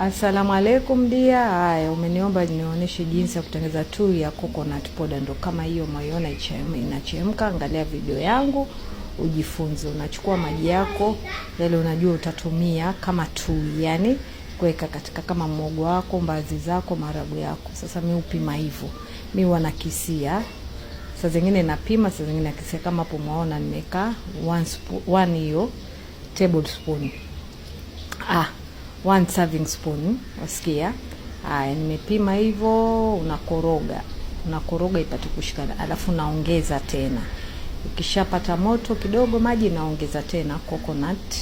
Asalamu alaikum dia. Haya, umeniomba nionyeshe jinsi ya kutengeneza tui ya coconut powder, ndo kama hiyo mwaiona inachemka. Angalia video yangu ujifunze. Unachukua maji yako yale yaani unajua utatumia kama tui, yani kuweka katika kama mogo wako, mbazi zako, maragu yako. Sasa mi upima hivyo, mi wanakisia saa zingine napima, saa zingine nakisia. Kama hapo mwaona nimeka one hiyo tablespoon ah one serving spoon, wasikia? Haya, ah, nimepima hivyo, unakoroga unakoroga ipate kushikana, alafu naongeza tena. Ukishapata moto kidogo maji, naongeza tena coconut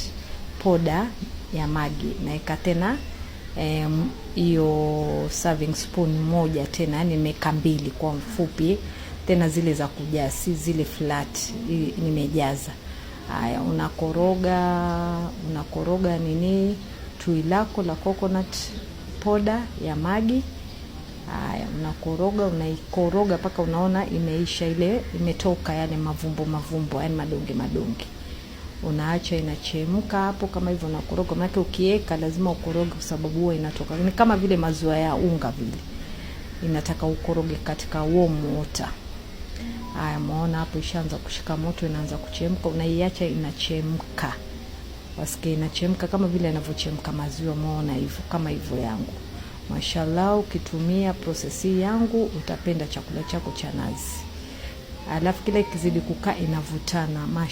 poda ya maji, naeka tena hiyo um, serving spoon moja tena, yani meka mbili kwa mfupi, tena zile za kujaa, si zile flat, nimejaza. Haya, unakoroga unakoroga nini tui lako la coconut poda ya magi. Haya, unakoroga, unaikoroga mpaka unaona imeisha ile, imetoka yani mavumbo mavumbo, yani madonge madonge. Unaacha inachemka hapo kama hivyo, unakoroga. Maana ukiweka lazima ukoroge, sababu huwa inatoka, ni kama vile maziwa ya unga vile, inataka ukoroge katika warm water. Haya, muona hapo ishaanza kushika moto, inaanza kuchemka, unaiacha inachemka wasikie inachemka kama vile anavyochemka maziwa. maona hivyo kama hivyo yangu, mashallah. Ukitumia prosesi yangu utapenda chakula chako cha nazi, alafu kila ikizidi kukaa inavutana.